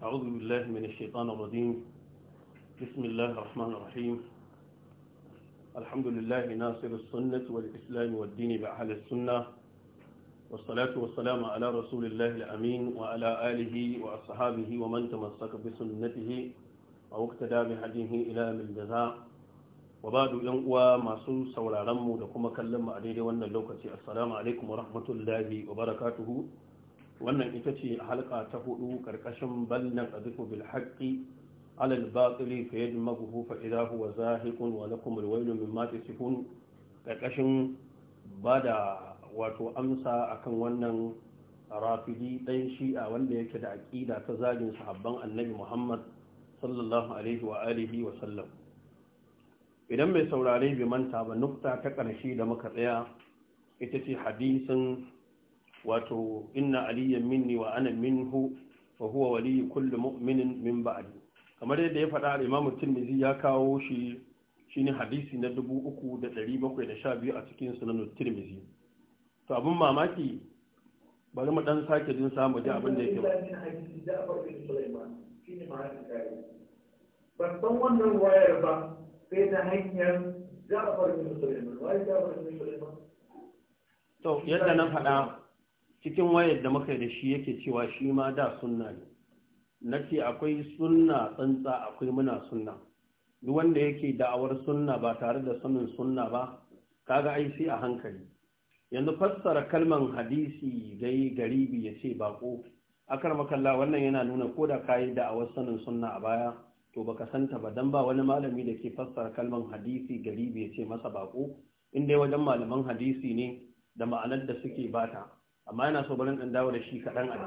أعوذ بالله من الشيطان الرجيم بسم الله الرحمن الرحيم الحمد لله ناصر السنة والإسلام والدين بأهل السنة والصلاة والسلام على رسول الله الأمين وعلى آله وأصحابه ومن تمسك بسنته أو اقتدى بهديه إلى من الجزاء وبعد ينقوى معصو سولا رمو لكم كلم عليه وانا اللوكة السلام عليكم ورحمة الله وبركاته wannan ita ce halka ta hudu karkashin ballan azifu bil alal ala al batili fa yadmaghu fa idha huwa zahiqun wa lakum al waylu mimma tasifun karkashin bada wato amsa akan wannan rafidi dan shi'a wanda yake da aƙida ta zagin sahabban annabi Muhammad sallallahu alaihi wa alihi wa sallam idan mai saurare bai manta ba nukta ta ƙarshe da muka tsaya ita ce hadisin wato inna aliyyan minni wa ana minhu wa huwa wali kulli mu'minin min ba'di kamar yadda ya faɗa Imam Tirmidhi ya kawo shi shine hadisi na 3712 a cikin Sunan Tirmidhi to abun mamaki bari mu dan sake jin samu ji abin da yake ban san wannan wayar ba sai ta hanyar Ja'far bin Sulaiman wai Ja'far bin Sulaiman to yadda na faɗa cikin wayar da muka yi da shi yake cewa shi ma da sunna ne na ce akwai sunna tsantsa akwai muna sunna duk wanda yake da'awar sunna ba tare da sanin sunna ba kaga ai sai a hankali yanzu fassara kalman hadisi dai garibi ya ce bako akar makalla wannan yana nuna ko da kayi da'awar sanin sunna a baya to baka santa ba dan ba wani malami da ke fassara kalman hadisi garibi ya ce masa bako in dai wajen malaman hadisi ne da ma'anar da suke bata amma ina so barin dan dawo da shi kadan a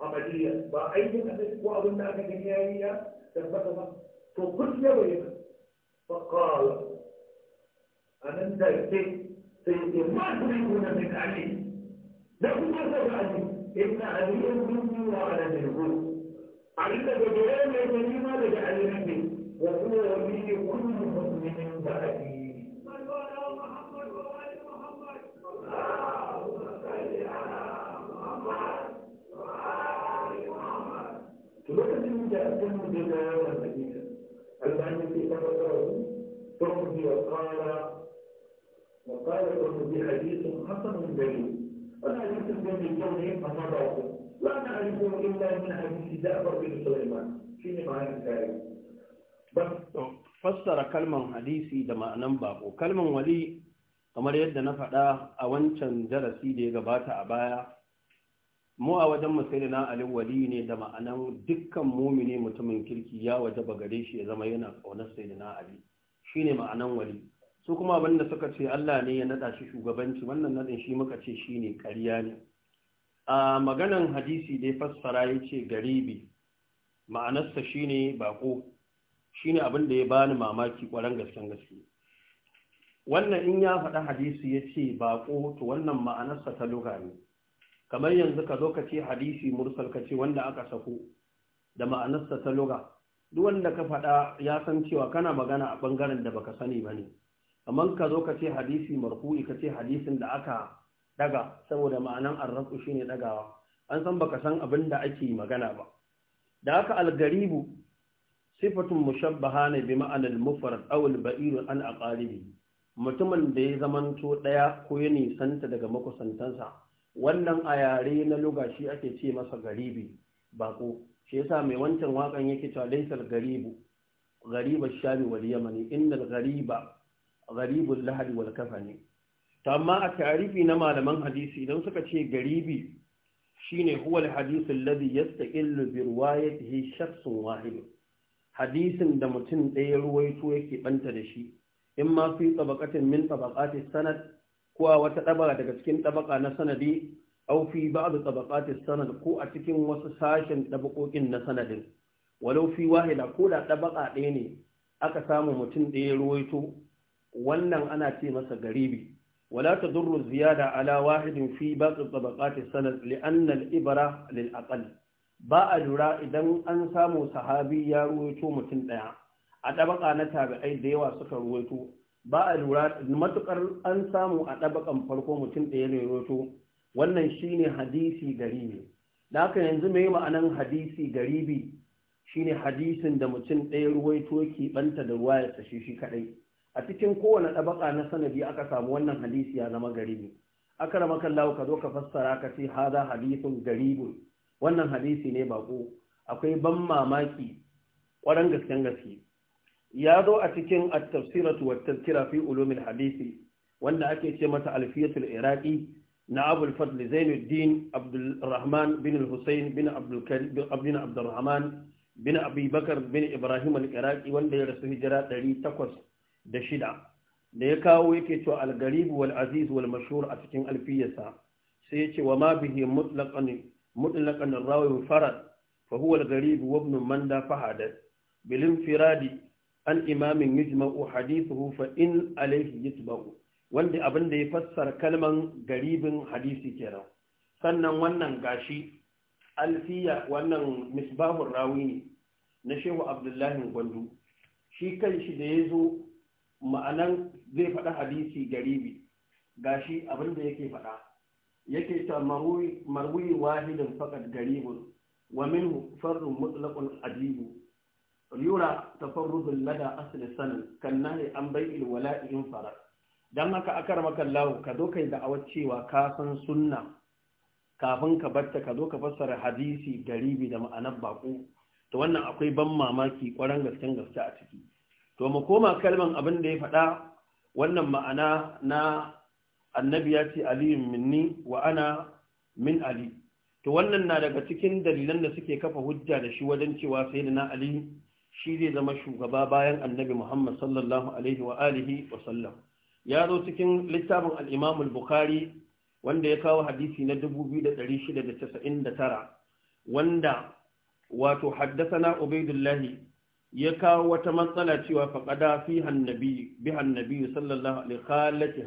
abadiyya ba aikin asali ko abin da aka gani yayi ya tabbata ba to kun ya fa qala anan da ke sai ya ma ku ne min ali da kuma sai ali inna aliyan minni wa ala dalil ali da gobe ne ne ma da ali ne wa huwa wali kullu mu'minin ba'di Muhammad يقدم بما مدينة المعنى في أمره وقال وقال حسن جميل جميل لا إلا من حديث بن سليمان في معنى بس fassara kalman hadisi da ma'anan bako kalman wali kamar yadda na faɗa a wancan darasi da ya gabata a baya mu a wajen na ali wali ne da ma'anan dukkan mumini mutumin kirki ya waje gare shi ya zama yana ƙaunar na ali shine ma'anan wali su kuma abinda suka ce Allah ne ya nada shi shugabanci wannan nadin shi muka ce shine ƙarya ne a maganan hadisi dai fassara yace garibi ma'anarsa shine bako shine abin da ya bani mamaki ƙwaran gasken gaske wannan in ya faɗa hadisi yace bako to wannan ma'anarsa ta lugha ne kamar yanzu ka zo ka ce hadisi mursal ka ce wanda aka sako da ma'anarsa ta loga duk wanda ka faɗa ya san cewa kana magana a ɓangaren da baka sani ba ne amma ka zo ka ce hadisi marfu'i ka ce hadisin da aka daga saboda ma'anan arraku shine dagawa an san baka san abin da ake magana ba da haka algaribu sifatun mushabbaha ne bi ma'anar mufrad aw al an aqalibi mutumin da ya zamanto daya ko ya nisanta daga makusantansa wannan a yare na Lugashi ake ce masa garibi bako shi yasa mai wancan wakan yake cewa laysal garibu gariba shami wal yamani innal gariba garibul lahadi wal kafani to amma a tarihi na malaman hadisi idan suka ce garibi shine huwa al hadith alladhi yastaqillu bi riwayatihi shakhsun wahid hadisin da mutum ɗaya ruwaito yake banta da shi in ma fi tabaqatin min tabaqati sanad ko wata tabara daga cikin tabaka na sanadi aw fi ba'd tabaqat as-sanad ko a cikin wasu sashen tabakokin na sanadin walau fi wahida ko da tabaka ɗaya ne aka samu mutum ɗaya ruwaito wannan ana ce masa garibi wala tadurru ziyada ala wahidin fi ba'd tabaqat as-sanad li'anna al-ibra lil ba a lura idan an samu sahabi ya ruwaito mutum ɗaya a tabaka na tari'ai da yawa suka ruwaito ba a lura matukar an samu a ɗabakan farko mutum ɗaya ne roto wannan shine hadisi garibi da haka yanzu mai ma'anan hadisi garibi shine hadisin da mutum ɗaya ruwaito ke banta da ruwa ya tashi shi kaɗai a cikin kowane ɗabaka na sanadi aka samu wannan hadisi ya zama garibi aka rama ka zo ka fassara ka ce haza hadisin garibin wannan hadisi ne bako akwai ban mamaki ƙwaran gasken gaske ya zo a cikin at-tafsiratu wa tazkira fi ulumil hadisi wanda ake ce masa alfiyatul iraqi na abul fadl zainuddin abdul bin al-husayn bin abdul abdin abdul bin abi bakar bin ibrahim al-iraqi wanda ya rasu hijira 806 da shida da ya kawo yake cewa al-garib wal aziz wal mashhur a cikin alfiyarsa sai ya ce wa ma bihi mutlaqan mutlaqan rawi farad fa huwa al-garib wa ibn manda fahadat bil infiradi an imamin حديثه hadithu عليه in alayhi wanda abin da ya fassara kalman garibin hadisi kenan sannan wannan gashi alfiya wannan misbahun rawi ne na shehu abdullahi gwandu shi kan shi da ya zo ma'anan zai faɗa hadisi garibi gashi abin da yake faɗa yake ta marwi wahidin fakat garibun wa minhu farrun mutlaqun adibu yura tafarrudul lada asl sanin, kan nahi an bai'il wala'i in fara dan haka akar makallahu ka zo kai da cewa ka san sunna kafin ka batta ka zo ka fassara hadisi garibi da ma'anar baƙo to wannan akwai ban mamaki kwaran gasken gaske a ciki to mu koma kalman abin da ya faɗa wannan ma'ana na annabi ya ce aliyun minni wa ana min ali to wannan na daga cikin dalilan da suke kafa hujja da shi wajen cewa sai da na ali shi zai zama shugaba bayan annabi Muhammad sallallahu alaihi wa alihi ya zo cikin littafin al al-Bukhari wanda ya kawo hadisi na 2699 wanda wato Haddasa na ubaidullahi ya kawo wata matsala cewa faqada fiha annabi biha annabi sallallahu alaihi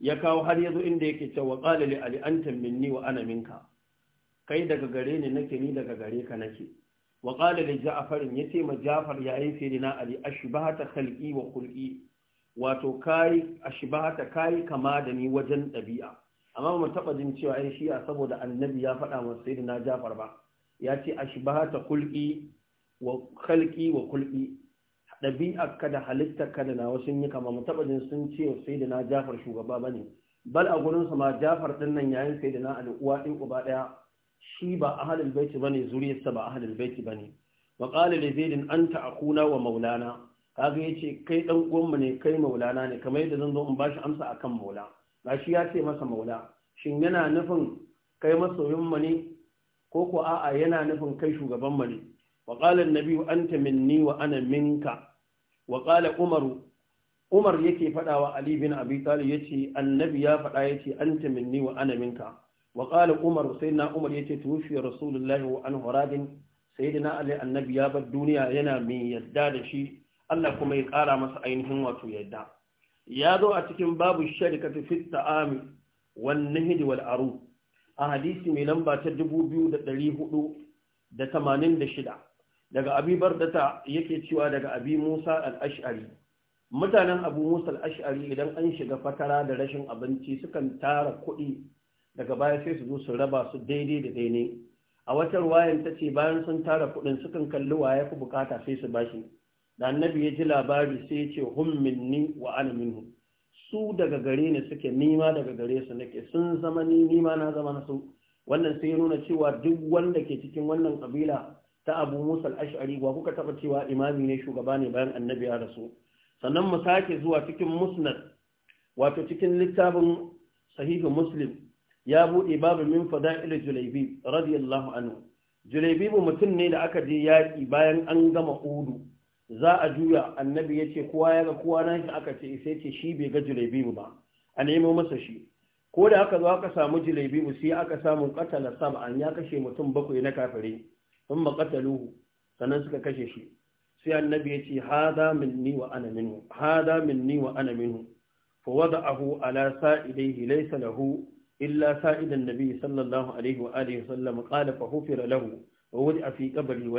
ya kawo har yazo inda yake cewa qala li ali anta minni wa ana minka kai daga gare ni nake ni daga gare ka nake wa da li ya ce ma ja'far ya yi sayyidina a ashbahata khalqi wa kulki wato kai ashbahata kai kama da ni wajen ɗabi'a. amma mu taba jin cewa ai shi saboda annabi ya faɗa wa na ja'far ba ya ce ashbahata khulqi wa khalqi wa ɗabi'a ka da ka da nawa sun yi kama jin sun ce sai da na jafar shugaba ba ne bal a gurinsa ma jafar ɗin nan yayin sai da na uwa ɗin uba ɗaya shi ba ahlul baiti bane zuriyarsa ba ahlul baiti bane wa qala li zaid anta akuna wa maulana kaga yace kai dan mu ne kai maulana ne kamar yadda zan zo in bashi amsa akan maula ba shi ya ce masa maula shin yana nufin kai masoyin mu ne ko ko a'a yana nufin kai shugaban mu ne wa qala an anta minni wa ana minka wa qala umaru umar yake faɗawa ali bin abi talib yace annabi ya faɗa yace anta minni wa ana minka wa qala umar sayyidina umar yace tuwfi rasulullahi wa anhu radin sayyidina ali annabi ya bar duniya yana mai yadda da shi Allah kuma ya kara masa ainihin wato yadda ya zo a cikin babu sharikatu fi ta'ami wan nahdi wal aru a hadisi mai lamba ta 2486 daga abi bardata yake cewa daga abi musa al-ash'ari mutanen abu musa al-ash'ari idan an shiga fatara da rashin abinci sukan tara kuɗi daga baya sai su zo su raba su daidai da daidai a wata ruwayan ta ce bayan sun tara kuɗin sukan kalli wa ya fi bukata sai su bashi da annabi ya ji labari sai ya ce hum minni wa ana minhu su daga gare ne suke nima daga gare su nake sun zama ni nima na zama na su wannan sai ya nuna cewa duk wanda ke cikin wannan kabila ta abu musa ashari wa kuka taɓa cewa imami ne shugaba ne bayan annabi ya rasu sannan mu sake zuwa cikin musnad wato cikin littafin sahihu muslim ya buɗe babu min ila Julaybi radiyallahu anhu Julaybi mutum ne da aka je yaƙi bayan an gama udu za a juya annabi yace kowa ya ga kowa nan shi aka ce sai ce shi bai ga Julaybi ba a nemo masa shi ko da aka zo aka samu Julaybi sai aka samu qatala sab'an ya kashe mutum bakwai na kafire sun qataluhu sannan suka kashe shi sai annabi yace hada minni wa ana minhu hada minni wa ana minhu fa wada'ahu ala sa'idaihi laysa lahu illa sa'idan nabi sallallahu alaihi wa alihi sallam qala fa hufira lahu wa wudi fi qabri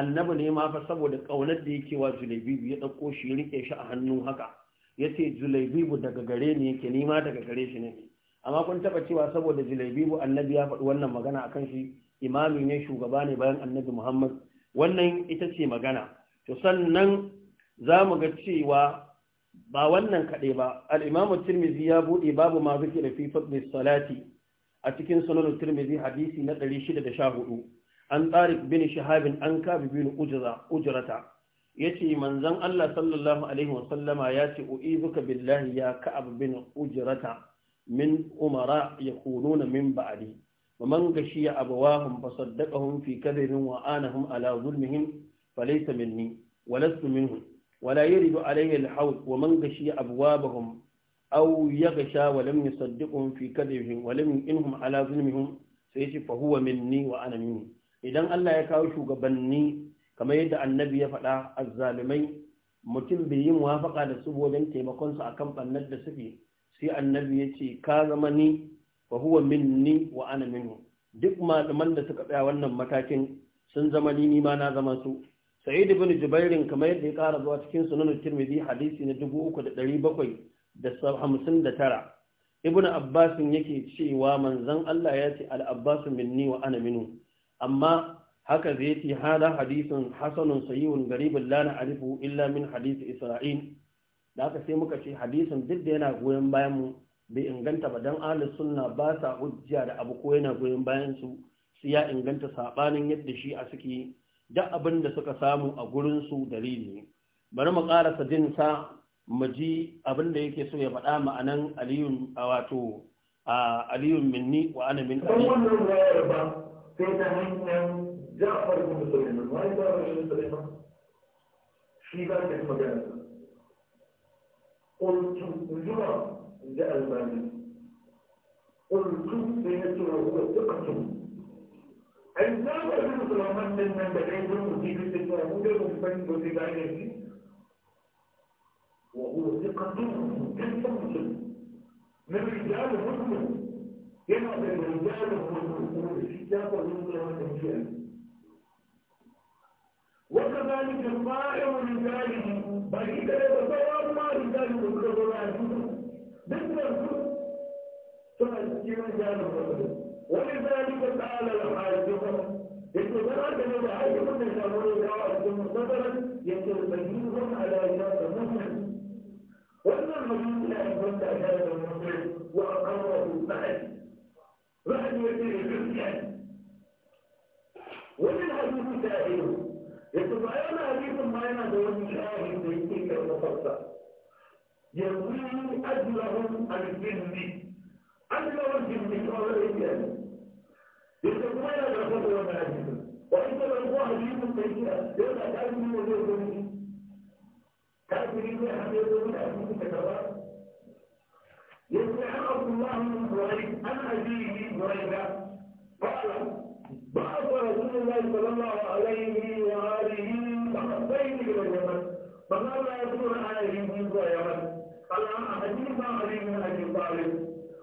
annabi ne ma fa saboda kaunar da yake wa Zulaibibu ya ɗauko shi rike shi a hannu haka yace Zulaibibu daga gare ne yake ma daga gare shi ne amma kun taba cewa saboda Zulaibibu annabi ya faɗi wannan magana akan shi imami ne shugaba ne bayan annabi Muhammad wannan ita ce magana to sannan za mu ga cewa ba wannan kaɗai ba al'imamu tirmizi ya buɗe babu ma zuke da fi fadli salati a cikin sunan tirmizi hadisi na 614 an tsari bin shahabin an kabi bin ujrata ya ce manzan Allah sallallahu alaihi wasallama ya ce u'izuka billahi ya ka'ab bin ujrata min umara ya kununa min ba'adi wa man ya abawahum fasaddaqahum fi kadhibin wa anahum ala zulmihim falaysa minni wa lastu minhum wala yuridu alayhi al-hawl wa man gashiya abwabahum aw yaghsha wa lam yusaddiqhum fi kadhibihim wa lam yinhum ala zulmihim sai yace fa huwa minni wa ana minni idan Allah ya kawo shugabanni kamar yadda annabi ya faɗa azzalimai mutum bai yi muwafaka da su wajen taimakon su akan bannan da suke sai annabi yace ce ka zama ni fa huwa minni wa ana minhu duk malaman da suka tsaya wannan matakin sun zama ni ni ma na zama su Sa'idu ibn jubairin kamar yadda ya ƙara zuwa cikin sunan tirmidhi hadisi na da da da hamsin tara. ibn abbas yake cewa manzon Allah ya ce al-abbas minni wa ana amma haka zai ce hada hadisin hasanun sahihun garibin la na'rifu illa min hadisi isra'il da haka sai muka ce hadisin duk da yana goyon bayan mu bai inganta ba dan ahlus sunna ba sa hujja da abu ko yana goyon bayan su sai ya inganta sabanin yadda shi a suke duk abin da suka samu a gurin su dalili ne bari mu ƙarasa sa mu ji abin da yake so ya faɗa ma'anan aliyun a wato a aliyun minni wa ana min ba sai ta hanyar ja'far ibn sulaiman wani ba ibn sulaiman shi ba ta magana qultu zuwa da albani qultu sai na tura kuma tukatun الإسلام يقول سلمان بن من بدأ يقول مجيب التفاوض ومن بدأ يجي وهو ثقة جدا مسلم من رجال مسلم ينعى الرجال والكتاب والمسلمين وكذلك القائم لذلك بعيد يتصور ما لذلك الرجل بالنسبة فالجمال جانب ولذلك قال الحاكم ابن زمان بن الحاكم بن شامون قال مثلا يتبينهم على شرط مسلم واما المدين لا يكون هذا المسلم واقره بعد بعد يدير الفتيان ومن حديث سائل يتبعون حديث ما ينادون شاهد تلك المفصل يرويه اجلهم عن أنت ممكن تتعلم يتقوى لا تقوى وما أجل وإنت من واحد يكون تجيئة يولا تأمين وزيزوني تأمين وحبيبوني أمين كتبات يسمع عبد الله من قريب أن قال بعث رسول الله صلى الله عليه وآله فقصين إلى اليمن فقال يا رسول الله عليه طالب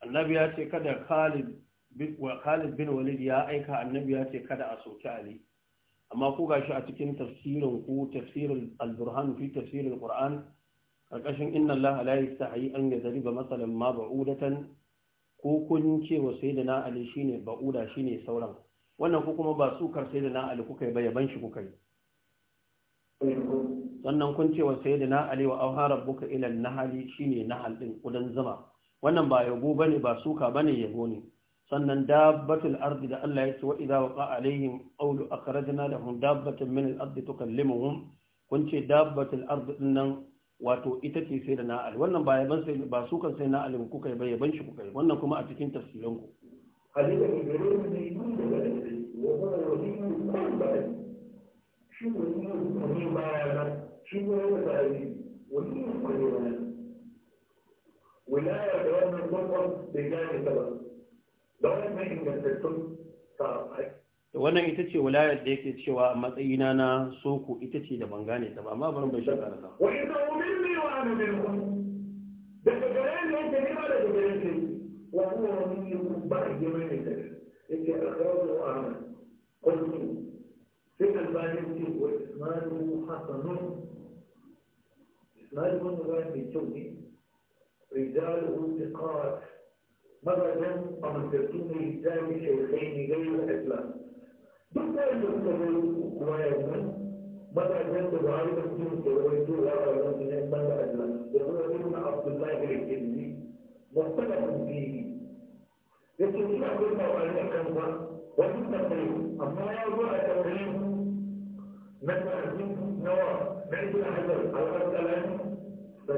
annabi ya ce kada Khalid bin Walid ya aika annabi ya ce kada a soki Ali amma ko gashi a cikin tafsirin ku tafsirin al-Burhan fi tafsirin Qur'an karkashin inna allaha la yastahi an yadriba masalan ma ba'udatan ko kun ce wa sayyidina Ali shine ba'uda shine sauran wannan ku kuma ba sukar sayyidina Ali kuka yi ba shi kuka yi sannan kun ce wa sayyidina Ali wa auha rabbuka ila an nahali shine nahal din kudan zama wannan ba yabo bane ba suka bane yabo ne sannan dabbatul ardi da Allah ya ce wa idza waqa alaihim qawlu akhrajna lahum dabbatan min al-ardi tukallimuhum kun ce dabbatul ardi nan wato ita ce sai da na'al wannan ba yaban sai ba sukan sai na ku kuka ba yaban shi kuka wannan kuma a cikin tafsirin ku shi ne ba ba ba ba ba ba ya ya ya shi ne ne ولاية دوام المطلب بجانب سبب دوام ما wannan ingantattun sarrafai wannan ita ce wilayar da yake cewa a matsayina na soko ita ce da bangane ta ba amma bari bai shaka da ta wani da umin ne wa ana bin ku daga gare ne yake ne ba daga gare ne wa kuma wani yi ba a yi mai da yake alƙawar wa ana kuntu sai albani ce wa ismailu hasanun ismailu wani wani mai kyau ne رجال انتقاد أبدا أمسكتم رجال شيخين غير الإسلام دكتور يقول ويقول بدأ جنب الغالي مسجد سويته لا أعلم من أسماء الأسلام وهو ابن عبد الله الكندي مختلف فيه لكن إذا كنت أعلم كنفا وجدت قريب أما يرجو التمرين مثلا نوى نعيد الحجر الغسلان To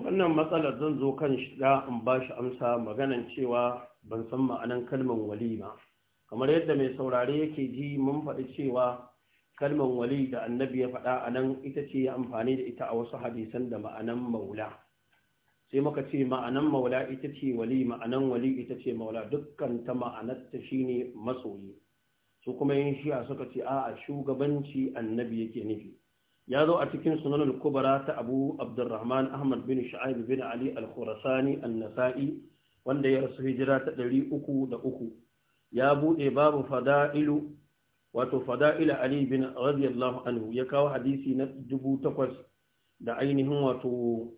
wannan matsalar zan zo kan shi da in ba shi amsa maganan cewa ban san ma'anan kalmar wali ba. Kamar yadda mai saurare yake ji mun faɗi cewa kalmar wali da annabi ya faɗa a nan ita ce ya amfani da ita a wasu hadisan da ma'anan maula. Sai muka ce ma'anan maula ita ce wali ma'anan wali ita ce maula dukkan ta ma'anarta shine masoyi. su kuma yin shi'a suka ce a shugabanci annabi yake nufi ya zo a cikin sunan kubara ta abu abdurrahman ahmad bin sha'ib bin ali al-khurasani an-nasa'i wanda ya rasu hijira ta ɗari uku da uku ya buɗe babu fada'ilu wato fada'ila ali bin radiyallahu anhu ya kawo hadisi na dubu takwas da ainihin wato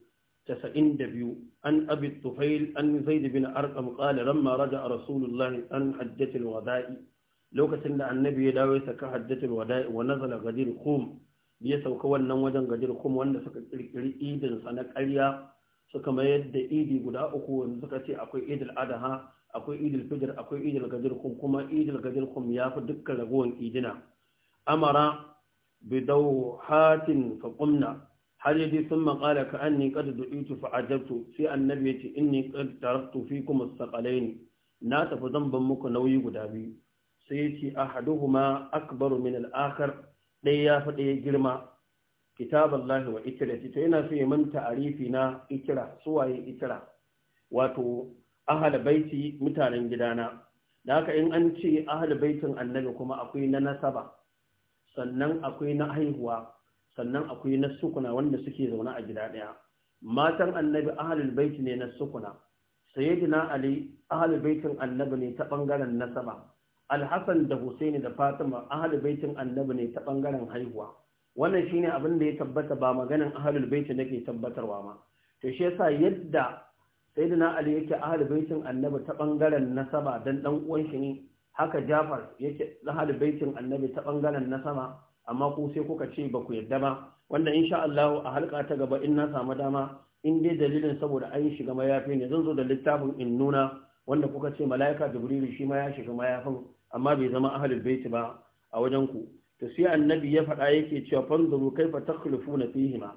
تسعين an عن أبي an عن زيد بن أرقم قال لما a رسول الله عن حجة lokacin da annabi ya dawo ya saka haddatul wada'i wa nazala gadir qum ya sauka wannan wajen gadir qum wanda suka kirkiri idin sa na ƙarya suka mayar da idi guda uku wanda suka ce akwai idil adaha akwai idil fijr akwai idil gadir qum kuma idil gadir qum ya fi dukkan ragowan idina amara bidawhatin fa qumna har yaji sun maƙala ka an ni da itu fa'ajabtu sai annabi ya ce in ni ƙada taraktu fi kuma na tafi zan ban muku nauyi guda biyu sai ya ce ahaduhuma akbaru min al-akhar dai ya fi girma kitaballahi wa ce. to yana so ya manta ta'arifi na ikira suwaye ikira wato ahal baiti mutanen gidana da haka in an ce ahal baitin annabi kuma akwai na nasaba sannan akwai na haihuwa sannan akwai na sukuna wanda suke zaune a gida ɗaya matan annabi ahalul baiti ne na sukuna sayyidina ali ahalul baitin annabi ne ta bangaren nasaba alhassan da husaini da fatima ahalul baitin annabi ne ta bangaren haihuwa wannan shine abin da ya tabbata ba maganin ahalul baiti nake tabbatarwa ma to shi yasa yadda sayyidina ali yake ahalul baitin annabi ta bangaren nasaba dan dan uwan shi ne haka jafar yake ahalul baitin annabi ta bangaren nasaba amma ku sai kuka ce ba ku yadda ba wanda insha Allah a halka ta gaba in na samu dama in dai dalilin saboda an shiga mayafi ne zan zo da littafin in nuna wanda kuka ce mala'ika jibrilu shi ma ya shiga mayafin amma bai zama ahalin baiti ba a wajen ku to sai annabi ya faɗa yake cewa fanzuru kaifa takhlufuna fihima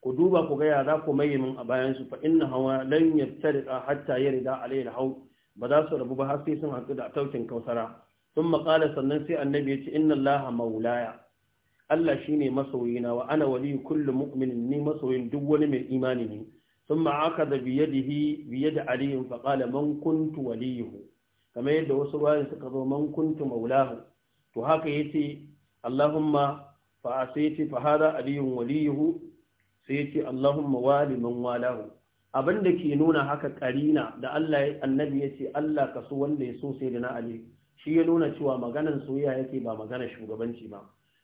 ku duba ku ga ya za ku maye a bayan su fa inna hawa lan yabtariqa hatta yarida alayhi hau ba za su rabu ba har sai sun haɗu da taukin kausara sun maƙala sannan sai annabi ya ce inna allaha maulaya Allah shine masoyina wa ana wali kullu mu'minin ni masoyin duk wani mai imani ne sun ma'aka da biyadihi biyadi aliyin faƙala man kuntu waliyuhu kamar yadda wasu bayan suka zo man kuntu maulahu to haka yace Allahumma fa asayati fa hada aliyun waliyuhu sai ce, Allahumma wali man walahu abinda ke nuna haka karina da Allah ya annabi yace Allah ka so wanda ya so sai da na ali shi ya nuna cewa maganan soyayya yake ba maganar shugabanci ba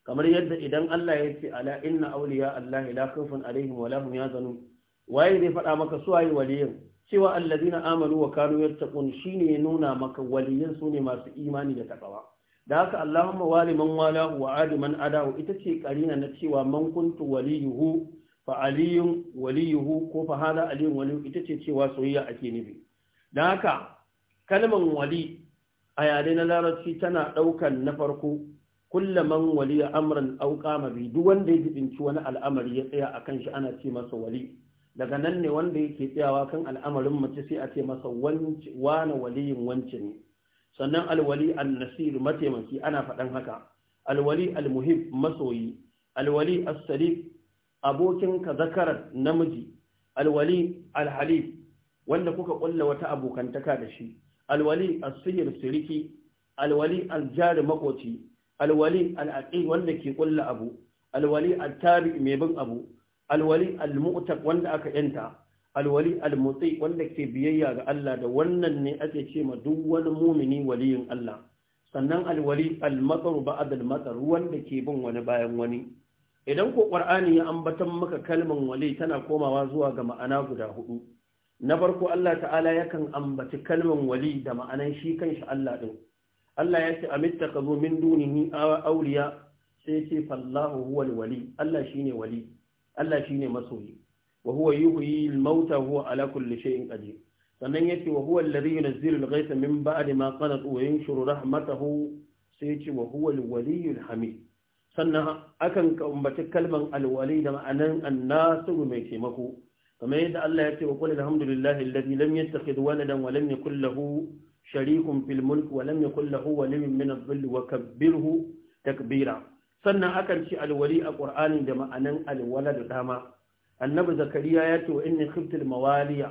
kamar yadda idan Allah ya ce ala inna awliya Allah la khawfun alaihim wa lahum yazanun waye zai faɗa maka su waye waliyin cewa allazina amanu wa kanu yattaqun shine ya nuna maka waliyan su ne masu imani da takawa da haka allahumma wali man walahu wa adi man adahu ita ce karina na cewa man kuntu waliyuhu fa aliyun waliyuhu ko fa hada aliyun waliyu ita ce cewa soyayya ake nufi da haka kalman wali a yare na larabci tana daukan na farko kulla man wali amran auka qama bi duk wanda ya jibinci wani al'amari ya tsaya akan shi ana ce masa wali daga nan ne wanda yake tsayawa kan al'amarin mace sai a ce masa wane waliyin wance ne sannan alwali annasir mataimaki ana faɗan haka alwali al muhib masoyi alwali as-salib abokin ka zakarar namiji alwali Al-Halif, wanda kuka kulla wata abokantaka da shi alwali as-sihir siriki alwali aljari makoci alwali al'aqi wanda ke kulla abu alwali at-tabi mai bin abu alwali almu'taq wanda aka yanta alwali almuti wanda ke biyayya ga Allah da wannan ne ake ce ma duk wani mumini waliyin Allah sannan alwali almatar ba'd almatar wanda ke bin wani bayan wani idan ko qur'ani ya ambatan maka kalman wali tana komawa zuwa ga ma'ana guda hudu na farko Allah ta'ala yakan ambaci kalman wali da ma'anan shi kanshi Allah din Allah ya ce amittakazu min dunihi awliya sai ce fallahu huwal wali Allah shine wali Allah shine masoyi wa huwa yuhyi al-mauta huwa ala kulli shay'in qadir sannan yace wa huwa alladhi yunzilu al-ghaytha min ba'di ma qanat wa yanshuru rahmatahu sai yace wa huwa al-waliyyu al-hamid sannan akan kambaci kalman al-wali da ma'anan an-nasiru mai taimako kamar yadda Allah ya ce wa qul alhamdulillahi alladhi lam yattakhidh waladan wa lam yakul lahu sharikun fil mulk wa lam yakul lahu waliyyun min adh-dhilli wa kabbirhu takbira sannan akan ci alwali a ƙur'ani da ma'anan alwala da dama annabi zakariya ya ce wa inni khiftul mawaliya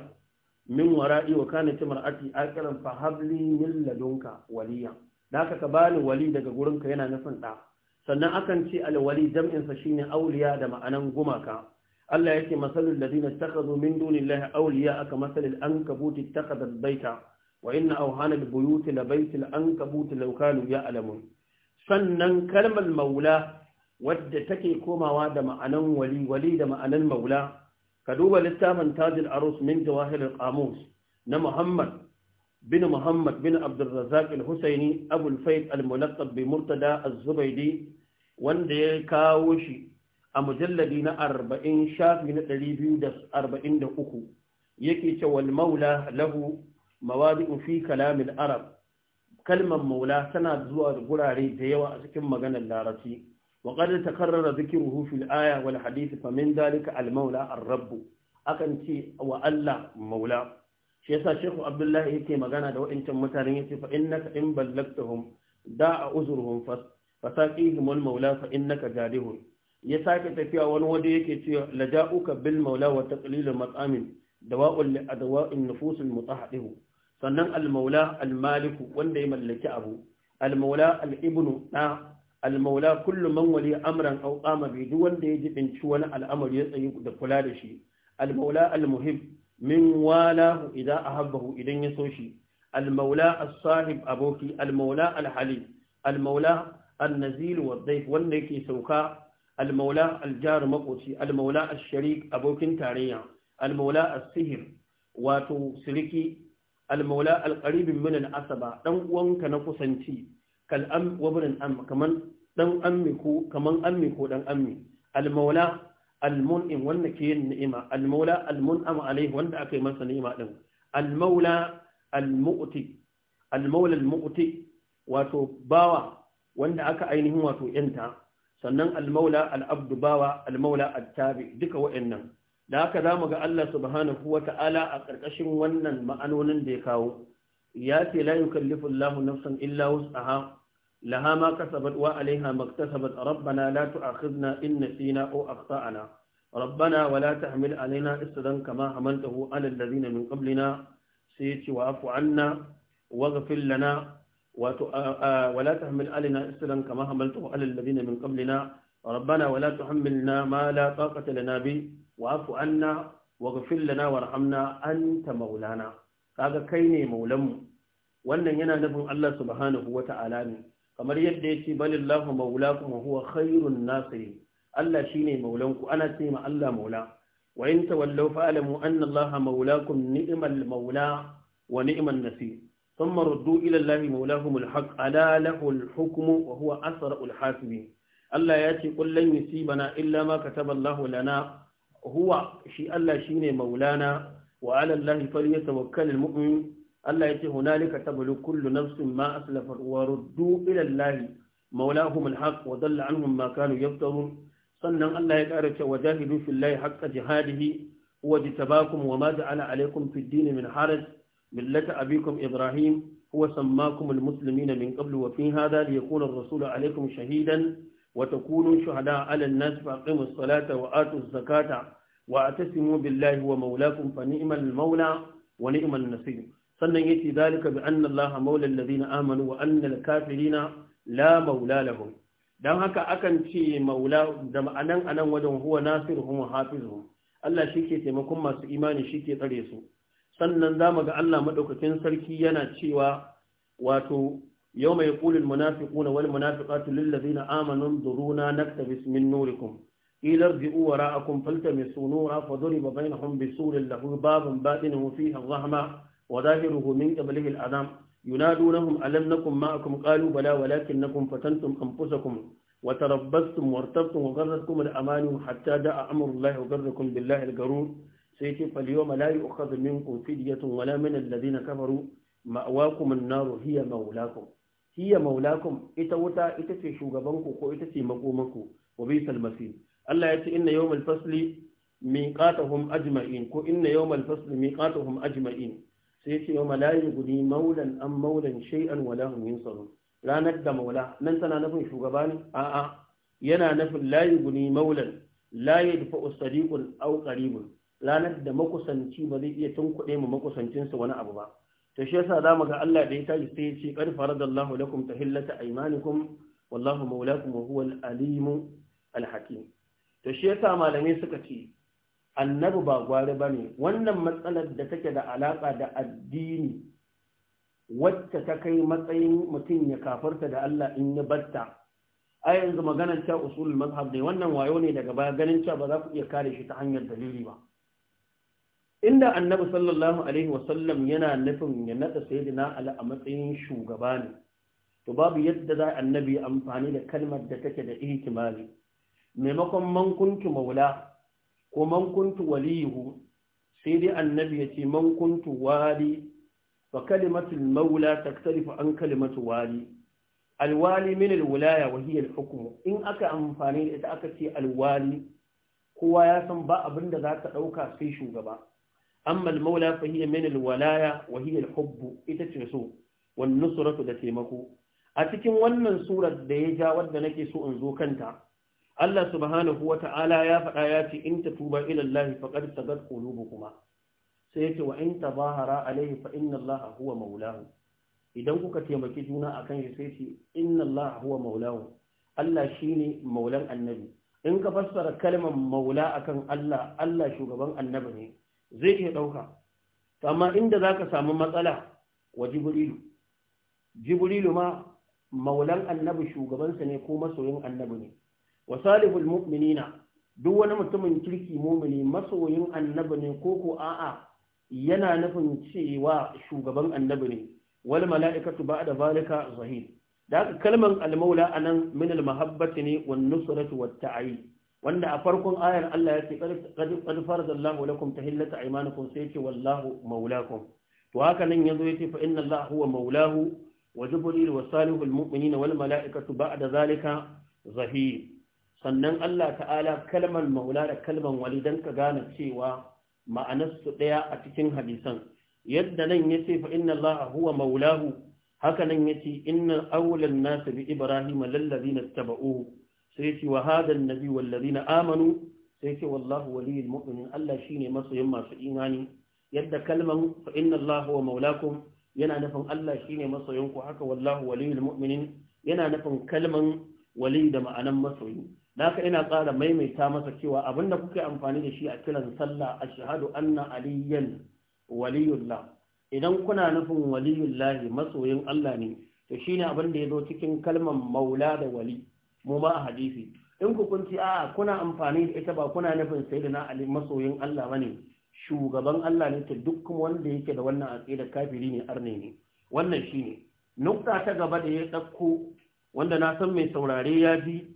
min wara'i wa kana timar'ati aqiran fa habli min ladunka waliya haka ka bani wali daga gurinka yana nufin da sannan akan ce alwali jam'in sa shine auliya da ma'anan gumaka Allah yake masalul ladina takhadhu min dunillahi awliya aka masalil ankabut ittakhadhat baita wa inna awhana albuyut labayt alankabut law kanu ya'lamun sannan kalmar maula wadda take komawa da ma'anan wali wali da ma'anan maula ka duba littafin tajil arus min jawahir al-qamus na muhammad bin muhammad bin abdurrazzaq al-husaini abu al-fayd al bi murtada az-zubaydi wanda ya kawo shi a mujalladi na 40 shafi na 243 yake cewa maula lahu mawadi'u fi kalam al-arab kalmar maula tana zuwa gurare da yawa a cikin maganar larabci wa qad takarrara dhikruhu fil aya wal hadith fa min dalika al maula ar rabb akan ce wa Allah maula shi yasa shehu abdullahi yake magana da wa'incan mutanen yace fa innaka in ballagtahum da'a uzruhum fa saqihim al maula fa innaka jadihun ya sake tafiya wani wanda yake cewa laja'uka bil maula wa taqlilu mat'amin dawa'ul li adwa'in nufus al sannan Alma'ula almaliku al-maliku wanda ya mallaki abu Alma'ula al-ibnu na Alma'ula kullum kullu man wali amran aw duk wanda ya jibinci wani al'amari ya tsayi da kula da shi Alma'ula al-muhib min walahu idan ahabbahu idan ya so shi Alma'ula maula as-sahib aboki Alma'ula maula al-halil wa wanda yake sauka Alma'ula al-jar makoci al-maula ash-sharik abokin tarayya Alma'ula a as wato siriki al Alƙaribin al asaba ɗan uwanka na kusanci kal am wa ibn am kaman dan ammi ko kaman ammi ko dan ammi al-maula wanda ke yin ni'ima al-maula al wanda aka yi masa ni'ima din al-maula al-mu'ti wato bawa wanda aka ainihin wato yanta sannan al Al'abdu bawa al-maula at-tabi duka wa'annan da haka za mu ga Allah subhanahu wa ta'ala a ƙarƙashin wannan ma'anonin da ya kawo ya ce la yukallifu Allahu nafsan illa wus'aha laha ma kasabat wa alaiha maktasabat rabbana la tu'akhidna in nasina aw akhtana rabbana wa la tahmil alaina isran kama hamaltahu ala alladhina min qablina sai ya ce wa'fu anna waghfir lana ولا تحمل علينا إسرا كما حملته على الذين من قبلنا ربنا ولا تحملنا ما لا طاقة لنا به wa'fu anna waghfir lana warhamna anta maulana kaga kai ne maulanmu wannan yana nufin Allah subhanahu wata'ala ne kamar yadda yace balillahu maulakum wa huwa khairun nasiri. Allah shine maulanku ana ce ma Allah maula wa ta tawallaw fa'lamu anna Allah maulakum ni'mal maula wa ni'man nasir ثم ردوا إلى الله مولاهم الحق ألا Asar الحكم Allah ya ce الله ياتي قل bana, illa ma ka كتب الله lana. huwa shi Allah shine maulana wa ala Allah falyatawakkal almu'min Allah yace ka tablu kullu nafsin ma aslafat wa ruddu ilallahi Allah maulahum alhaq wa dalla anhum ma kanu yaftarun sannan Allah ya ƙara cewa jahidu fillahi haqqa jihadihi wa jitabakum wa ma ja'ala alaykum fid din min haraj millata abikum ibrahim huwa sammakum almuslimina min qablu wa fi hadha liyakuna ar-rasulu alaykum shahidan وتكونوا شهداء على الناس فأقيموا الصلاة وآتوا الزكاة واعتصموا بالله ومولاكم فنعم المولى ونعم النصير sannan yace zalika bi anna allaha maula alladhina amanu wa anna alkafirina la maula lahum dan haka akan ce maula da ma'anan anan wajen huwa nasiruhum wa hafizuhum Allah shike taimakon masu imani shike tsare su sannan zamu ga Allah madaukakin sarki yana cewa wato يوم يقول المنافقون والمنافقات للذين آمنوا انظرونا نكتبس من نوركم إلى ارجعوا وراءكم فالتمسوا نورا فضرب بينهم بسور له باب باطنه فيه الرحمة وظاهره من قبله الأعظم ينادونهم ألم نكن معكم قالوا بلى ولكنكم فتنتم أنفسكم وتربصتم وارتبتم وغرتكم الأمان حتى جاء أمر الله وغركم بالله الغرور سيتي فاليوم لا يؤخذ منكم فدية ولا من الذين كفروا مأواكم النار هي مولاكم hiya maulakum ita wuta ita ce shugabanku ko ita ce makomanku wa bisal masir Allah ya ce inna yawmal fasli miqatuhum ajma'in ko inna yawmal fasli miqatuhum ajma'in sai yace yawma la yughni maulan am maulan shay'an wa la hum yansarun ranar da maula nan tana nufin shugaba ne a'a yana nufin la yughni maulan la yadfa'u sadiqun aw qaribun ranar da makusanci ba zai iya tunkuɗe mu makusancinsa wani abu ba to shi yasa zamu ga Allah da ya tashi sai ya ce qad faradallahu lakum tahillata aymanikum wallahu mawlakum wa huwa al-alim al-hakim to shi yasa malamai suka ce annabi ba gwari bane wannan matsalar da take da alaka da addini wacce ta kai matsayin mutum ya kafarta da Allah in ya batta a yanzu maganar ta usulul mazhab ne wannan wayo ne daga baya ganin cewa ba za ku iya kare shi ta hanyar dalili ba inda annabi sallallahu alaihi wasallam yana nufin ya nada sayyidina ali a matsayin shugaba ne to babu yadda za annabi amfani da kalmar da take da ihtimali maimakon man maula ko man kuntu walihu sai dai annabi ya ce man wali fa kalimatul maula taktarifu an kalimatu wali alwali min alwilaya wa hiya alhukm in aka amfani da ita aka ce alwali kowa ya san ba abin da za ta dauka sai shugaba amma al-maula fa hiya min al-walaya wa hiya al-hubb ita ce so wan nusratu da taimako a cikin wannan surar da ya ja wanda nake so in zo kanta Allah subhanahu wa ta'ala ya faɗa ya ce in tatuba ila Allah faqad sagat qulubukuma sai yace wa in tabahara alayhi fa inna Allah huwa maulahu idan kuka taimaki juna akan shi sai ce inna Allah huwa maulahu Allah shine maulan annabi in ka fassara kalmar maula akan Allah Allah shugaban annabi ne zai iya ɗauka amma inda za ka samu matsala wa jibrilu jibrilu ma maulan annabi shugabansa ne ko masoyin annabi ne wa salihul mu'minina duk wani mutumin kirki mumini masoyin annabi ne ko ko a'a yana nufin cewa shugaban annabi ne wal mala'ikatu ba'da zalika zahir da haka kalman al-maula anan min al-mahabbati ne wan nusratu wat ta'ayyi wanda a farkon ayar Allah ya ce qad ta hillata tahillata aymanukum sai ce wallahu maulakum to haka nan yazo yace fa inna Allah huwa maulahu wa jibril wa salihul na wal mala'ikatu ba'da zalika zahir sannan Allah ta'ala kalmar maula da kalmar dan ka gane cewa ma'anar su daya a cikin hadisan yadda nan yace fa inna Allah huwa maulahu haka nan yace inna awwalan nas bi ibrahima lallazina tabauhu sai ce wa hadan nabi wallazina amanu sai ce wallahu waliyul mu'minin Allah shine masoyin masu imani yadda kalman fa inna Allah wa maulakum yana nufin Allah shine masoyin ku haka wallahu waliyul mu'minin yana nufin kalman wali da ma'anan masoyi haka ina tsara maimaita masa cewa abinda kuke amfani da shi a kiran sallah ashhadu anna aliyan waliyullah idan kuna nufin waliyullahi masoyin Allah ne to shine abin da zo cikin kalman maula da wali mu ma a hadisi in ku kun ci a kuna amfani da ita ba kuna nufin sai da na ali masoyin Allah bane shugaban Allah ne ta duk wanda yake da wannan aqida kafiri ne arne ne wannan shine nukta ta gaba da ya dauko wanda na san mai saurare ya ji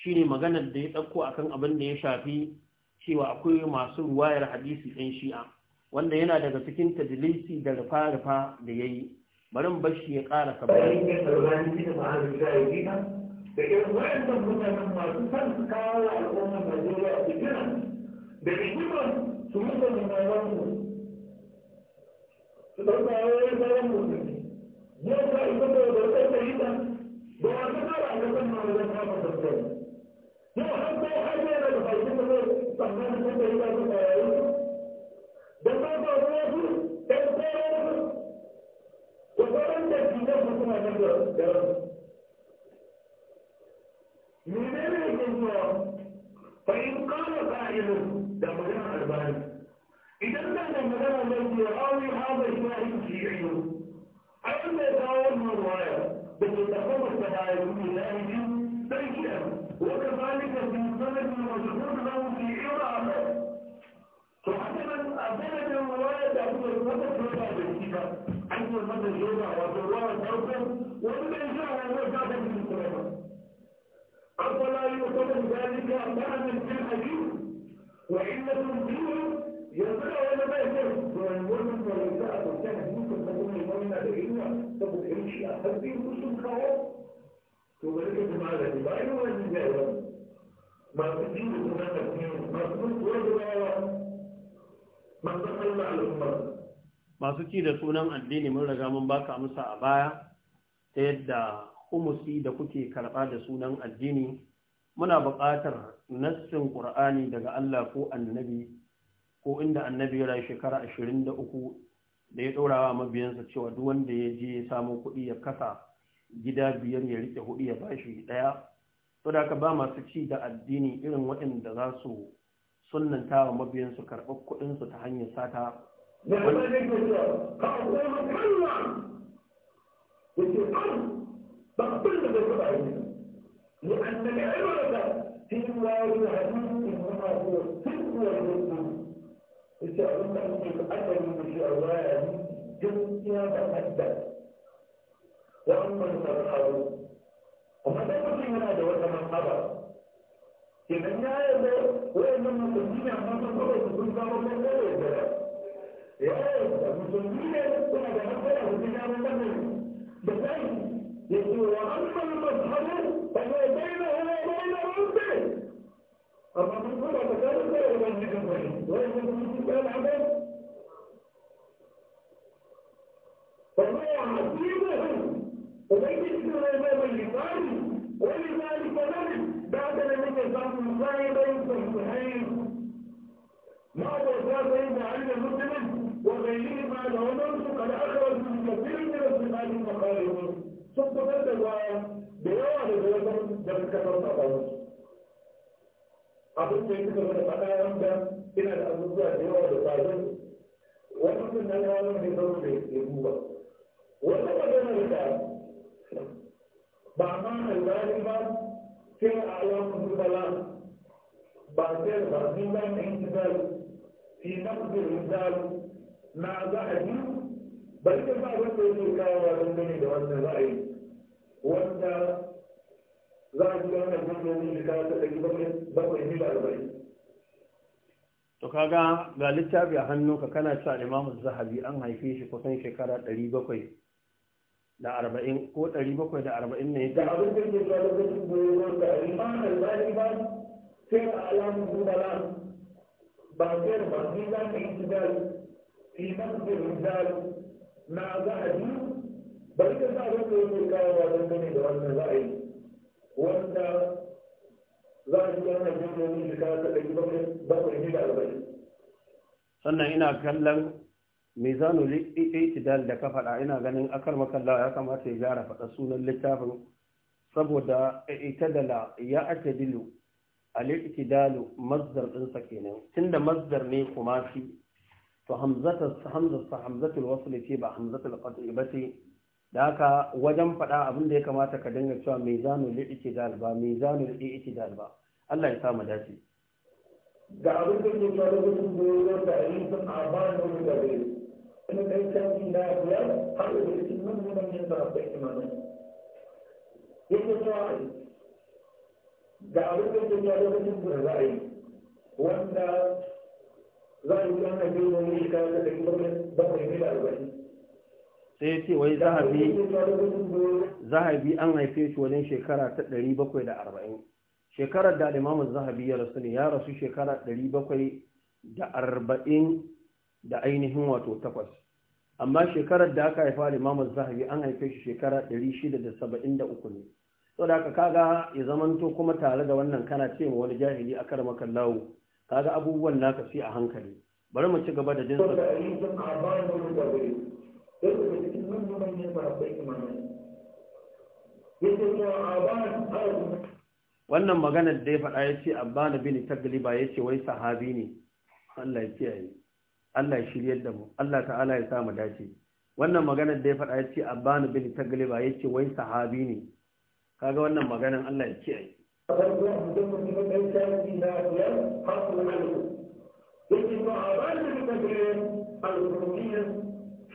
shine maganar da ya dauko akan abin da ya shafi cewa akwai masu ruwayar hadisi ɗin shi'a wanda yana daga cikin tadilisi da rufa-rufa da ya yi barin bashi ya ƙara kabar da irin wa'annan mutanen masu san kawo al'ummar Najeriya a cikin da hikimar su mutu da sauran mu su ɗauka wayoyin sauran mu ne yau ka isa da wadatar da yi ɗan da wasu kara a kasan ma wajen kama sassau yau har ko har da farkin da zai tsammanin da yi ɗan su da ba ruwa su ɗan sauran su da sauran da ke zai mutu na da rasu فإن قال قائل دخلنا البان إذا كان مثلا الذي يراوي هذا الشاهد في عينه أين يتعاون من الرواية بالتفاوض تباين الله بيتا وكذلك في سند المشهور له في عراقه وحسنا أبنت الرواية أبو المدد رضا بالكتاب أن المدد يوضع وضرورة توقف ومن جاء وضع من الكتاب أفلا يؤخذ ذلك أمانا في الحديث وعلة فيه يطلع ولا ما يهتم ويقولون ولو سأل وكان ممكن تكون المؤمنة بعلمها تقول أي شيء أحد فيه كل خواص وبركة مع ذلك بعين ولا نجاوة ما تجيب هناك اثنين ما تقول ولا ما تقل مع الأمة masu ci da sunan addini mun raga mun baka amsa a baya ta yadda humusi da kuke karɓa da sunan addini muna buƙatar nassin ƙur'ani daga Allah ko annabi ko inda annabi ya rayu shekara ashirin da uku da ya ɗora wa mabiyansa cewa duk wanda ya je ya samo kuɗi ya kasa gida biyar ya riƙe huɗu ya bashi ɗaya to da ba masu ci da addini irin waɗanda za su sunnanta wa mabiyansu karɓar kuɗinsu ta hanyar sata wani بقبل بجمع لأن العبرة في رواية الحديث إنما هو السر والجنة يسألون أن الأمل بشعوان جنة مؤدة وأما المرحل وماذا يقول من هذا وأما الخبر لمن لا يزال وإما المسلمين أمام الله يقول الله لا يزال يا المسلمين يقول هذا مثلا وفي هذا مثلا بس يقول وأما المذهب فما بينه وبين ربه أما من هو تكلم لا يبنيك بينه ويبنيك العمل فهو عزيمه وليس الإمام اللسان ولذلك نجد نعم، بعد أن يتفهم صاحبا صحيحين ما هو صاحب عند مسلم وغيره مع العمر قد أخرج من كثير من الصفات المخالفة sun fitar da ruwa da yawa da zuwa da suka zama a wasu abin da ya suka zama faɗa wanda ina da abubuwa da yawa da faru wani mutum na yawa da mai zama da ya duba wani magana da ba ma alwari ba sai a alamun zubala ba sai ba ni ba na yin zalu fi na nafzir zalu na za a yi bari da ba wanda ya ke kawo wa gani da wannan ra'ayi wanda za a gudanar da gwamnati da kawo ta ɗari bakwai mil arba'in to kaga ga littafi a hannu ka kana cewa imamu zahabi an haife shi kusan shekara ɗari bakwai da arba'in ko ɗari bakwai da arba'in ne da abin da ke zuwa lokacin goyon da imamu albani ba sai a alamun dubala ba sai da ba za ka yi jidal imamu da rijal na zahabi bai da za a zama da wannan ra'ayi za a yi ana jin domin shekara ta bakwai da arba'in sannan ina kallon mizanu itidal da ka faɗa ina ganin akar makalla ya kamata ya gyara faɗa sunan littafin saboda itadala ya atadilu masdar ɗinsa kenan tunda masdar ne kuma shi to hamzatar hamzatul ce ba hamzatul da haka wajen faɗa abin da ya kamata ka dinga cewa mai zanu li da alba mai zanu li da alba Allah ya sa mu dace ga abin da ke faru da kuma yawan da ayi sun abana da gare ina kai kan da ya har da cikin nan mun yin da ba imanin yake cewa ga abin da ke faru da da ra'ayi wanda za a yi kan da ke wani shi ka da kuma ba ne da albani sai ya ce wai zahabi an haife shi wajen shekara ta 740 shekarar da limamin zahabi ya rasu ne ya rasu shekara 740 da ainihin wato takwas amma shekarar da aka haifa limamin zahabi an haife shi shekara 673 ne so da aka kaga ya zamanto kuma tare da wannan kana ce ma wani jahili a kar makallawo kaga abubuwan naka sai a hankali bari mu ci gaba da jinsa sai da cikin ne manyan manyan sahabbai kimanin yake cewa aban wannan maganar da ya faɗa ya ce abbana bin tagliba ya ce wai sahabi ne Allah ya kiyaye Allah ya shirya da mu Allah ta'ala ya samu dace wannan maganar da ya faɗa ya ce abbana bin tagliba ya ce wai sahabi ne kaga wannan maganar Allah ya kiyaye yake ba a abbana bin tagliba al-rumiyyah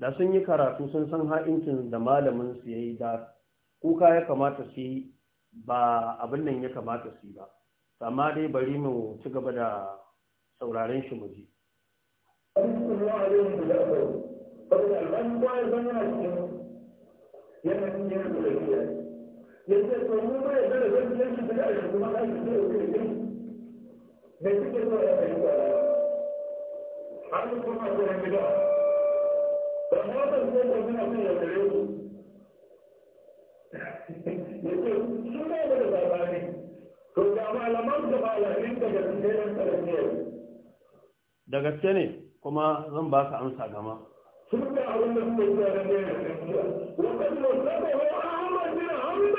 da sun yi karatu sun san ha'incin da malamin su yi da kuka ya kamata su yi ba abin nan ya kamata su yi ba amma dai bari mu ci gaba da sauraren shi mu ji yana cikin yana da lafiya yanzu ya tsohon ba ya zara zan biyar shi da ake kuma za su zai wuce shi da suke zuwa ya fahimta har kuma zuwa gida ba ta da labari to ne kuma zan ba ka amsa gama sun ga ne wa kan ahmad bin ahmad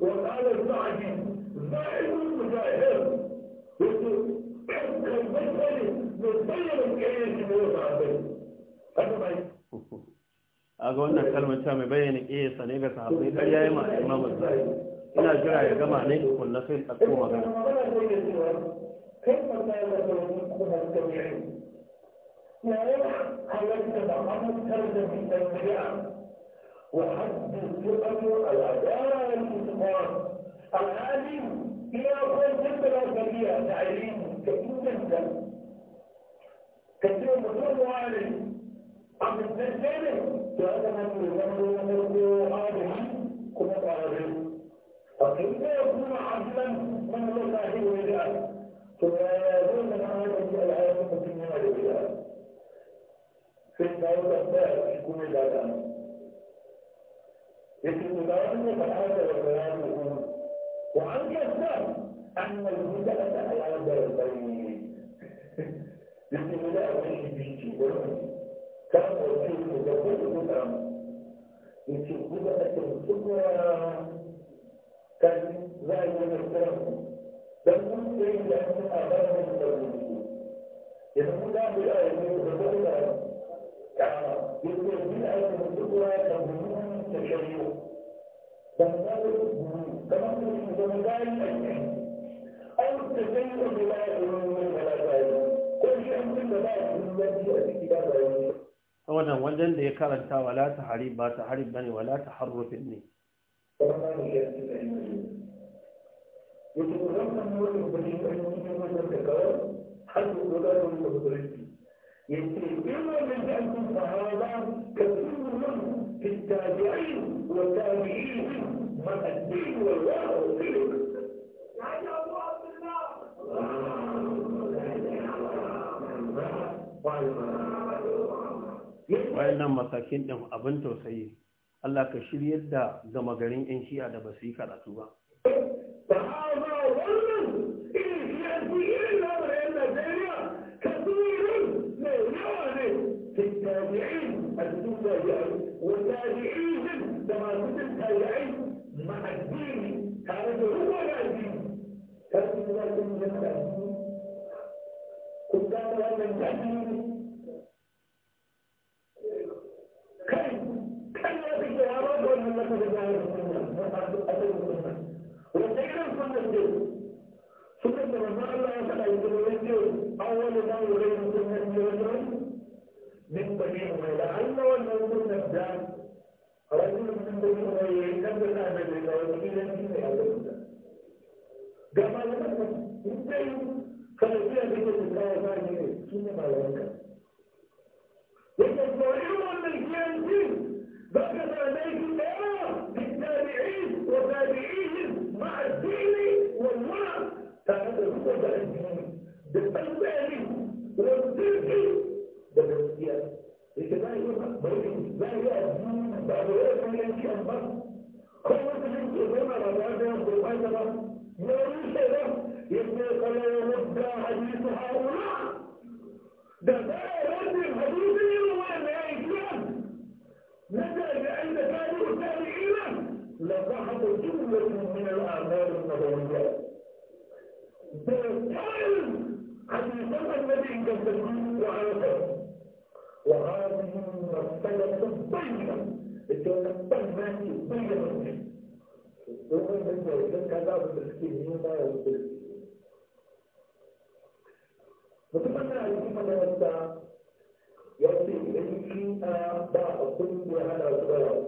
وقال السعدي زائد المجاهد يقول كم كم مثل مثل الكيس موضع a ga wannan kalmar ta mai bayyana ƙesa ne ga sahabbai kar yayi ma imamu ina jira ya gama ne kullu sai ta ko magana ya yi halatta da da وحد الثقة الأداء الإتقان العالم هي أفضل ثقة الأرضية تعليم كثير جدا كثير مطلوب عالم عم تتسلم فهذا من يزمر ومرضه عالم كما تعرفين فكيف يكون عدلا من ليس أهل رجال ثم يزول من هذا العالم في الدنيا للرجال في الدولة الثالث يكون الأداء لكن تعالى والبيان يكون وعن يفهم أن الهدى العبد والبين لكن لا أريد بيتي ولم كان وكيف يقول الهدى يمكن هدى الكبرى كان لا يمكنه لم يمكن أن أبدا يقول يقول لا بالآية يقول لا كان يقول بالآية الكبرى كمهمة تشيع فمثال الجنود كما في زمدان أو التشيع بلا علوم ولا فائدة كل شيء من الله الذي يأتي كتابه wannan wajen da ya karanta wala ta harib ba ta harib bane wala ta harrufin ne يقول لك أنتم صحابة كثير منهم بالتابعين والتابعين الدين والدين nan masakin ɗin abin tausayi Allah ka shiryar da gama garin 'yan shi'a da ba su yi karatu ba. wannan karatu kun gane wannan jami'i kai kai ya fi yawa ba da wannan masa da jami'i wanda irin sunan ne sunan da manzo Allah ya faɗa yi kuma yake awwalu ma yughayyiru sunnati rajulin min bani umayya Allah wannan sunan da رجل من بني أمية يكبر أهل الله وكيلا في أهل الله. جمال الله in dai ka tafi a cikin da kawo ba ne su ne malamanka yadda tsoron wannan kiyanci za ka same shi ɗaya بالتابعين العلماء دفاع رد الحديث والعجلان نتى بأن كانوا التابعين لصحبوا جملة من الآثار النبوية بالقائل حديثنا الذي قد تكون وعاقب وهذه المسألة الطيبة التي تطمئن بينهم ومن ذلك كذا بالسكين هنا وبالسكين na yi kuma na wanda shi ba da hana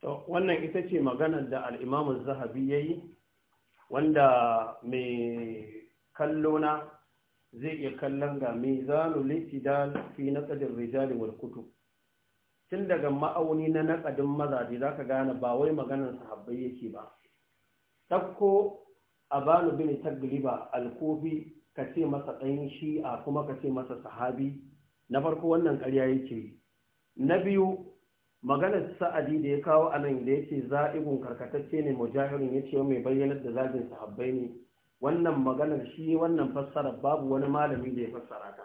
su wannan ita ce maganar da al'imamun zahabi ya yi wanda mai kallo na zai iya kallon ga mizanu litidal fi naqadin rijali wal tun daga ma'auni na naƙadin mazaje ka gane ba wai maganar sahabbai yake ba takko banu bin tagliba al ka ce masa ɗan shi'a kuma ka ce masa sahabi na farko wannan ƙarya yake na biyu maganar sa'adi da ya kawo anan da ya ce za'igun karkatacce ne mujahirin ya ce mai bayyanar da zagin sahabbai ne wannan maganar shi wannan fassara babu wani malami da ya fassara ta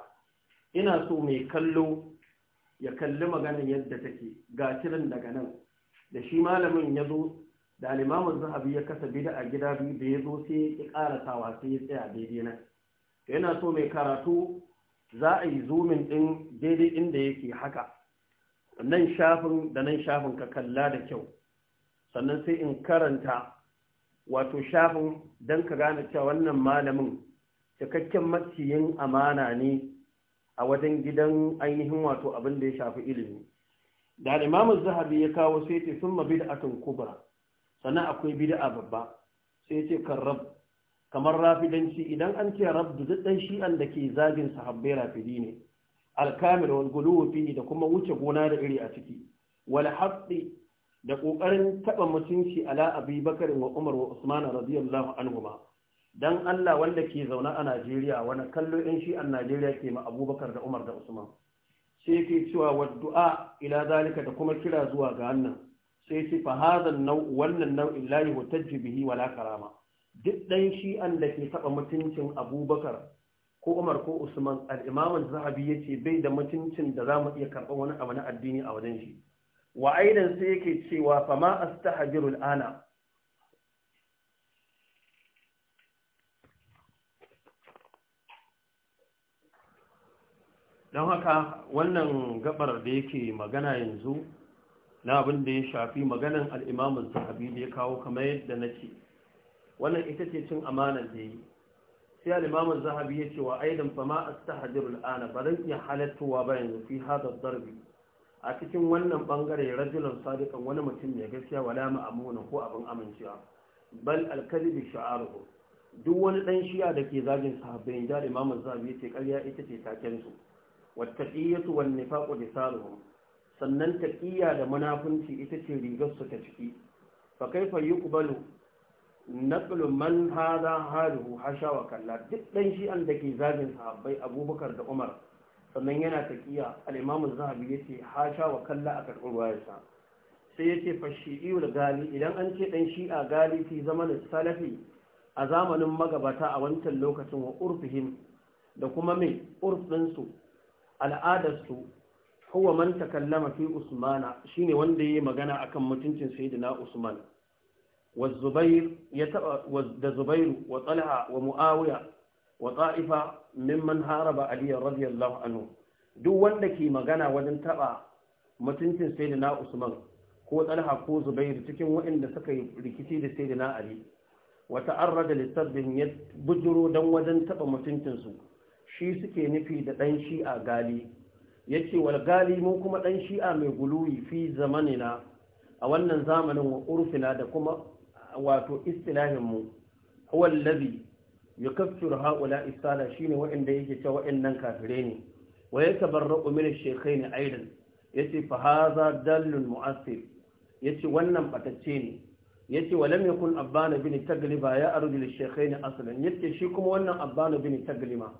ina so mai kallo ya kalli maganar yadda take ga kiran daga nan da shi malamin ya zo da alimamun zahabi ya kasa bida a gida biyu da ya zo sai ya ƙara sai ya tsaya daidai nan yana so mai karatu za a yi zumin din daidai inda yake haka nan shafin da nan shafin ka kalla da kyau sannan sai in karanta wato shafin don ka gane cewa wannan malamin cikakken maciyin amana ne a wajen gidan ainihin wato abin da ya shafi ilimi da imamu zahabi ya kawo sai ce sun da bid'atun kubra sannan akwai bid'a babba sai ce karrab kamar rafidanci idan an ce rabdu duk ɗan shi'an da ke zagin sahabbai rafidi ne alkamil wal guluwu fi da kuma wuce gona da iri a ciki wal haqqi da kokarin taba mutunci ala abi bakar wa umar wa usman radiyallahu anhuma dan Allah wanda ke zauna a Najeriya wani kallo ɗan shi'an Najeriya ke ma Abubakar da Umar da Usman sai yake cewa wa du'a ila zalika da kuma kira zuwa ga wannan sai ce fa nau'u wannan nau'in la yuhtajju bihi wala karama duk ɗan shi'an da ke taɓa mutuncin abubakar ko umar ko usman al'imaman zahabi ya ce bai da mutuncin da za mu iya karɓar wani abu na addini a wajen shi wa aidan sai yake cewa fama astahabiru ana don haka wannan gabar da yake magana yanzu na abin da ya shafi maganan al'imaman zahabi da ya kawo kamar yadda na ce wannan ita ce cin amanar da yi sai alimamin zahabi ya ce wa aidan fama a ta hajjirul ana ba zan iya halattowa ba yanzu fi hada zarbi a cikin wannan bangare rajulan sadiqan wani mutum ne gaskiya wala amuna ko abin amincewa bal alkalibi sha'aruhu duk wani ɗan shiya da ke zagin sahabbai da imam zahabi ya ce ƙarya ita ce taken su wattaqiyatu wan nifaqu lisaluhum sannan taqiya da munafunci ita ce rigar su ta ciki fa kaifa yuqbalu naqlu man hadha haluhu hasha wa kalla duk dan shi an dake zagin sahabbai abubakar da umar sannan yana taqiya al-imam az-zahabi yace hasha wa kalla a karbu wayarsa sai yace fa shi'iyul gali idan an ce dan shi'a gali fi zamanin salafi a zamanin magabata a wancan lokacin wa urfihim da kuma mai urfinsu al'adarsu huwa man takallama fi usmana shine wanda yayi magana akan mutuncin sayyidina usman والزبير يتبع والزبير وطلحة ومؤاوية وطائفة ممن هارب علي رضي الله عنه duk wanda ke magana wajen taɓa mutuncin sayyidina Usman ko Talha ko zubairu cikin waɗanda suka yi rikici da sayyidina Ali wa ta'arrada lisabbihin ya bujuro dan wajen taɓa mutuncin su shi suke nufi da dan shi'a gali yace wal gali mu kuma dan shi'a mai guluwi fiza manina a wannan zamanin wa urfina da kuma wato istilahin mu huwa allazi yukaffiru haula isala shine wa'anda yake cewa wa'annan kafire ne wa yatabarra'u min ash ne aidan ce, fa hadha dallun mu'assir ce, wannan batacce ne yace wa lam yakun abbana bin tagaliba ya arju lish asalin? Ya ce, shi kuma wannan abbana bin tagliba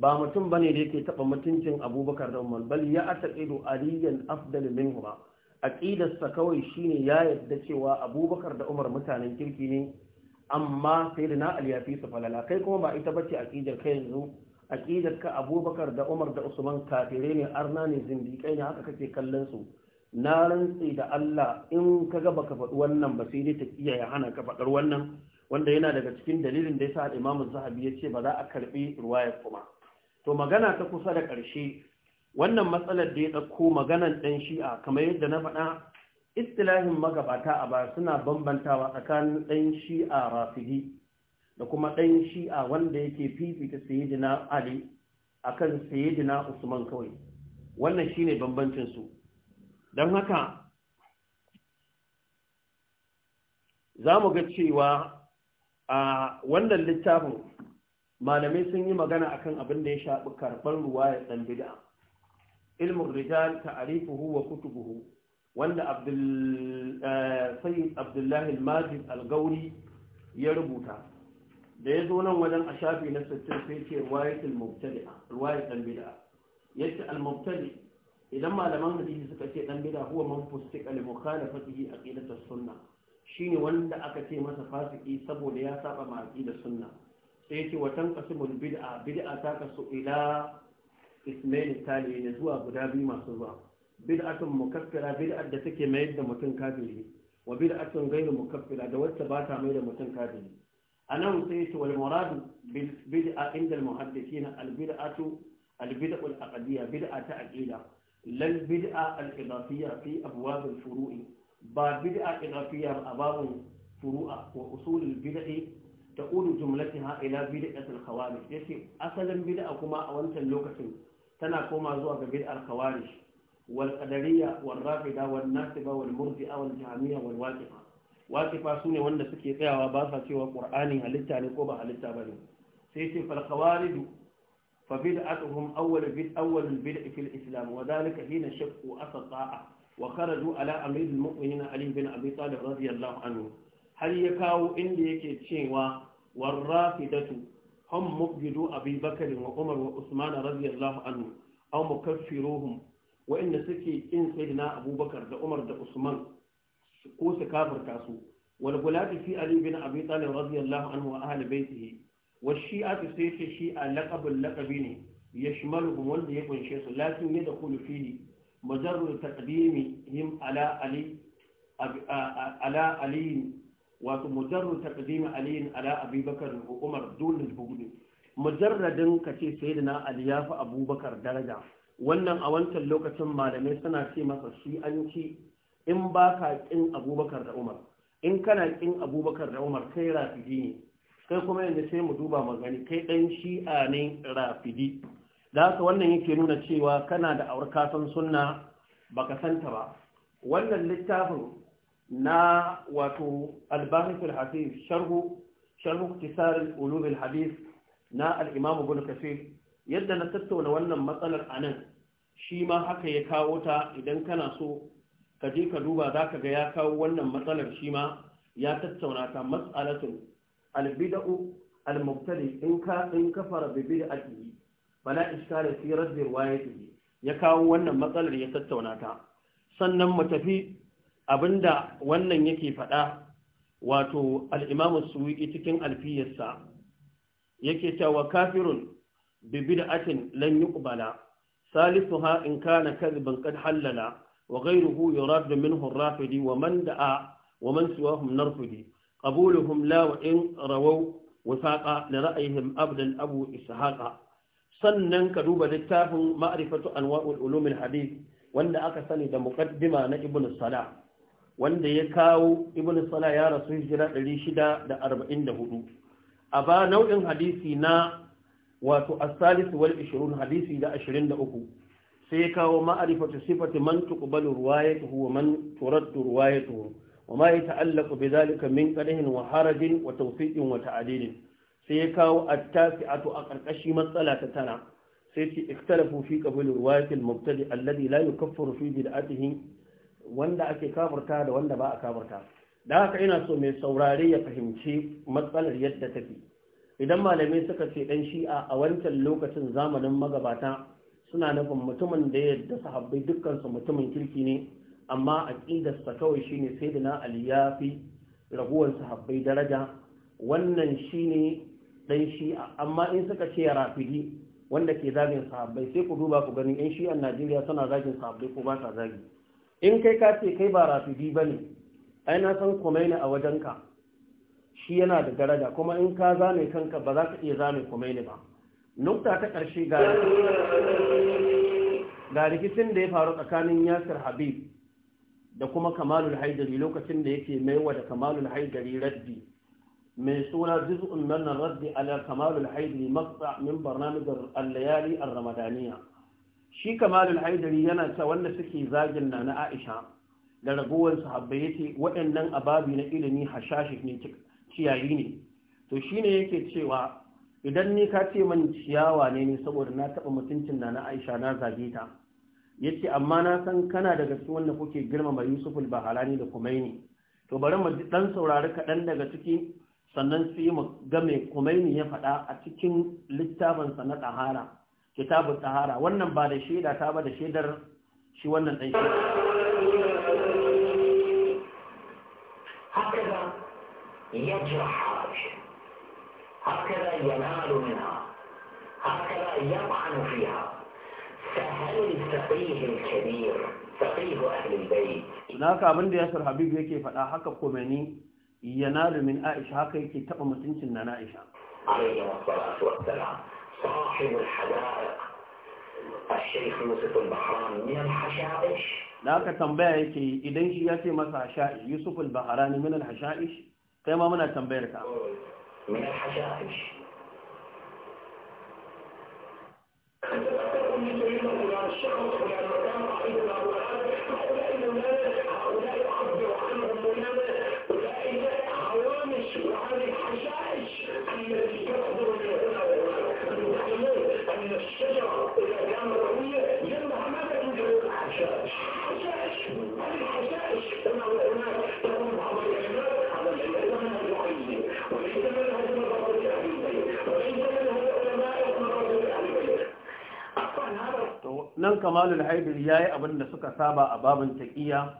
ba mutum bane da yake taba mutuncin abubakar da umar bal ya ataqidu aliyan afdal minhuma aƙidarsa kawai shine ya yarda cewa abubakar da umar mutanen kirki ne amma sai da na aliyafi su falala kai kuma ba ita bace aƙidar kai yanzu aƙidar ka abubakar da umar da usman kafirai ne arna ne zindiƙai ne haka kake kallon su na rantse da Allah in ka ga baka faɗi wannan ba sai dai ta ya hana ka faɗar wannan wanda yana daga cikin dalilin da ya sa Imam Zahabi ya ce ba za a karbi ruwayar kuma to magana ta kusa da ƙarshe wannan matsalar da ya ɗauko maganan ɗan shi'a kamar yadda na faɗa istilahin magabata a baya suna bambantawa tsakanin ɗan shi'a rafidi da kuma ɗan shi'a wanda yake fifita sayidina ali akan sayidina usman kawai wannan shi bambancin su don haka za mu ga cewa a wannan littafin malamai sun yi magana akan abin da ya shaɓi karɓar ruwa ya ɗan bid'a ilmin rijal ta'arifuhu wa kutubuhu wanda eh, sayyid abdullahi al-majid al-gauri ya rubuta da ya zo nan wajen a shafi na sittin sai ce ruwayat al-mubtadi al-mubtadi idan malaman hadisi suka ce dan bid'a huwa man fustiqa li mukhalafatihi aqidat as-sunnah shine wanda aka ce masa fasiki saboda ya saba ma aqidat sunna sai yace wa tanqasimul bid'a bid'a ta kasu ila ismail tali da zuwa guda biyu masu zuwa bid'atun mukaffira bid'at da take mayar da mutum kafiri wa bid'atun gairu mukaffira da wacce ba ta mai da mutum kafiri anan sai ce wal muradu bil bid'a inda al muhaddithin al bid'atu al bid'u al aqdiyya bid'a ta aqida lal bid'a al idafiyya fi abwab al furu'i ba bid'a idafiyya ba ababun furu'a wa usul al bid'i تقول جملتها إلى بدعة الخوارج يسي أصلا بدعة كما أولت اللوكة tana koma zuwa ga bid'ar khawarij wal qadariyya wal rafida wal nasiba wal murji'a wal jahmiyya wal waqifa waqifa sune wanda suke tsayawa ba sa cewa qur'ani halitta ne ko ba halitta bane sai ce fal khawarij fa bid'atuhum awwal bid awwal al bid' fi al islam wa dhalika hina shaqqu asata'a wa kharaju ala amir al mu'minin ali bin abi talib radiyallahu anhu har ya kawo inda yake cewa warrafidatu هم مبجدو أبي بكر وعمر وعثمان رضي الله عنهم أو مكفروهم وإن سكي إن سيدنا أبو بكر دا عمر دا عثمان قوس كافر كاسو والغلاة في علي بن أبي طالب رضي الله عنه وأهل بيته والشيعة سيش الشيعة لقب اللقبين يشملهم والذي يكون شيخ لكن يدخل فيه مجرد تقديمهم على علي على علي wato mujarru taqdim ali ala abubakar da umar dunul bughd mujarradin da sayyidina ali ya fi abubakar daraja wannan a wancan lokacin malamai suna ce masa shi an ci in ba ka kin abubakar da umar in kana kin abubakar da umar kai rafidi ne kai kuma yanzu sai mu duba magani kai dan shi'a ne rafidi da haka wannan yake nuna cewa kana da aurkatan sunna baka santa ba wannan littafin na wato albahisul hadith sharhu sharhu ulum na al-imam ibn kasir yadda na tattauna wannan matsalar anan shi ma haka ya kawo ta idan kana so ka je ka duba zaka ga ya kawo wannan matsalar shi ma ya tattauna ta mas'alatul al almubtadi in ka in kafara bi bid'atihi bala iskala fi radd riwayatihi ya kawo wannan matsalar ya tattauna ta sannan mu tafi abinda wannan yake faɗa wato al'imamu suwiƙi cikin alfiyarsa yake cewa kafirun bibida atin lan salisu salisuha in kana kadhiban qad halala wa ghayruhu yurad minhu ar-rafidi wa man da'a wa man siwahum narfidi qabuluhum la wa in rawaw wasaqa da ra'yihim abdan abu ishaƙa sannan ka duba littafin ma'rifatu anwa'ul ulumil hadith wanda aka sani da muqaddima na ibnu salah wanda ya kawo ibn sala ya rasu hijira 644 a ba nau'in hadisi na wato as-salis wal 20 hadisi da 23 sai ya kawo ma'arifatu sifati man tuqbalu riwayatuhu wa man turaddu riwayatuhu wa ma yata'allaqu bidhalika min qadahin wa harajin wa tawfiqin wa ta'dilin sai ya kawo at-tasi'atu a karkashi matsala ta tana sai ce ikhtalafu fi qabul riwayatil mubtadi alladhi la yukaffaru fi bid'atihi wanda ake kafarta da wanda ba a kafarta da haka ina so mai saurare ya fahimci matsalar yadda take idan malamai suka ce dan shi'a a wancan lokacin zamanin magabata suna nufin mutumin da ya yadda sahabbai dukkansu mutumin kirki ne amma sa kawai shine sayyidina ali ya fi raguwar sahabbai daraja wannan shine dan shi'a amma in suka ce rafidi wanda ke zagin sahabbai sai ku duba ku gani yan shi'an Najeriya suna zagin sahabbai ko ba sa zagi in kai ka ce kai ba rafidi ba ne ai na san kumaini a wajenka shi yana da daraja kuma in ka zane kanka ba za ka iya zane kumaini ba nukta ta ƙarshe ga rikicin da ya faru tsakanin yasir habib da kuma kamalul haidari lokacin da yake maiwa da kamalul haidari raddi mai suna juz'un nan raddi ala kamalul haidari maqta min barnamijar allayali ramadaniya shi kamalul haidari yana ta wanda suke zagin na na aisha da ragowar sahabbai yace waɗannan ababi na ilimi hashashi ne ciyayi ne to shine yake cewa idan ni ka ce man ciyawa ne ne saboda na taɓa mutuncin na na aisha na zage ta yace amma na san kana daga su wanda kuke girmama yusuful baharani da kumaini to bari mu dan saurari kaɗan daga ciki sannan sai mu ga mai kumaini ya faɗa a cikin littafinsa na ɗahara كتاب الطهارة ونن بعد شيء لا تابع شيء در شيء ونن أي شيء هكذا يجرح حرج هكذا ينال منها هكذا يطعن فيها فهل الفقيه الكبير فقيه أهل البيت هناك من ياسر حبيبي كيف لا حق ينال من عائشة هكذا يتقمت انت النائشة عليه الصلاة والسلام صاحب الحدائق الشيخ يوسف البحراني من الحشائش لا كتنبيك إذن جياتي مسع شائش يوسف البحراني من الحشائش كما من التنبيرك من الحشائش الشيخ sannan kamalul haidar ya yi abin da suka saba a babin taƙiya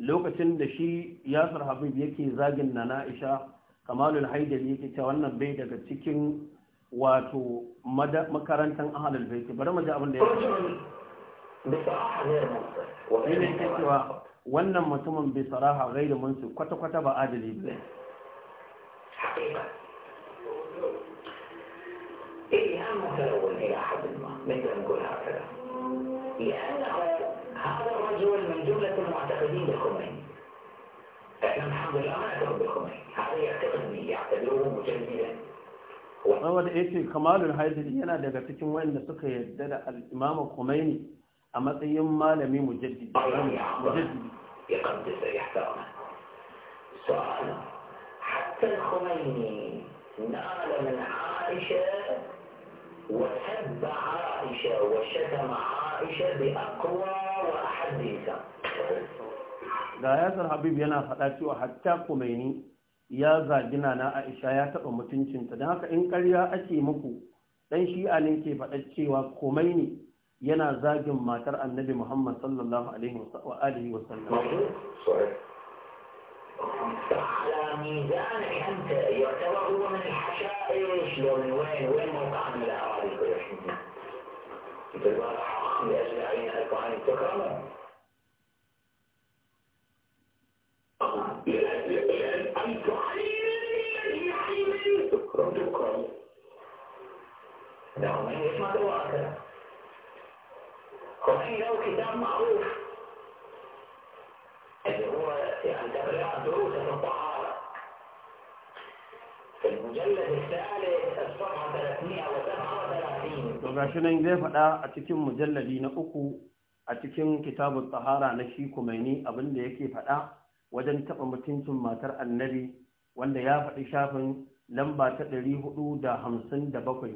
lokacin da shi yasir habib yake zagin na na'isha kamalul haidar yake ta wannan bai daga cikin wato makarantar ahalul baiti bari mu ji abin da ya ce cewa wannan mutumin bai saraha gaida munsu kwata-kwata ba adali ba إيه أهم هذا ولا أحد ما نقدر نقول هكذا لأن هذا الرجل من جملة المعتقدين بالخميني احنا الحمد لله ما نعتقد بالخميني هذا يعتقدني يعتبره مجددا rawar da ya kamalul haidari yana daga cikin wanda suka yadda da al'imama Khomeini a matsayin malami mujaddidi ya kanta sai ya tsara su'ala hatta Khomeini نال aisha wa وسب aisha wa shatama Aisha عائشة بأقوى وأحديثا ga yasar habib yana faɗa cewa hatta kumaini ya zagi na aisha ya taɓa mutuncinta don haka in ƙarya ake muku ɗan shi alin ke faɗa cewa kumaini yana zagin matar annabi muhammad sallallahu alaihi wa alihi wa sallam على ميزان حمزة العصر أجمعين القرآن تكرم تكرم تكرم نعم يسمع دواء القرآن له كتاب معروف اللي هو يعني تبرع دروس الطهارة في المجلد الثالث الصفحة gashi nan zai faɗa a cikin mujalladi na uku a cikin kitabun tsahara na shi kumaini abin da yake faɗa wajen taɓa mutuncin matar annabi wanda ya faɗi shafin lamba ta ɗari hudu da hamsin da bakwai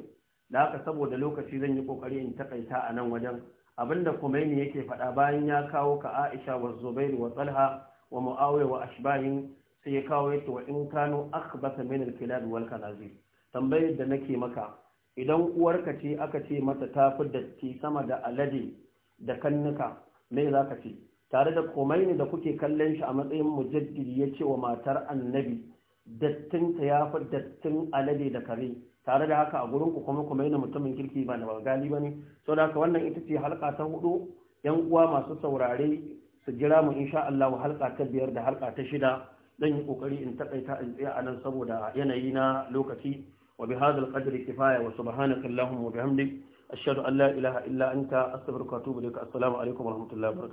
da haka saboda lokaci zan yi ƙoƙari in taƙaita a nan wajen abinda kumaini yake faɗa bayan ya kawo ka aisha wa zubairu wa tsalha wa mu'awiya wa ashbahin sai ya kawo yake wa in kano akhbata min al-kilab wal kanazi tambayar da nake maka idan uwarka ce aka ce mata ta fi datti sama da alade da kannuka me za ka ce tare da komai ne da kuke kallon shi a matsayin mujaddidi ya ce wa matar annabi dattinta ya fi dattin alade da kare tare da haka a gurin ku kuma kuma yana mutumin kirki ba na bagali ba ne sau da haka wannan ita ce halka ta hudu yan uwa masu saurare su jira mu insha Allah halka ta biyar da halka ta shida zan yi kokari in takaita in tsaya anan saboda yanayi na lokaci وبهذا القدر كفاية وسبحانك اللهم وبحمدك أشهد أن لا إله إلا أنت أستغفرك وأتوب إليك السلام عليكم ورحمة الله وبركاته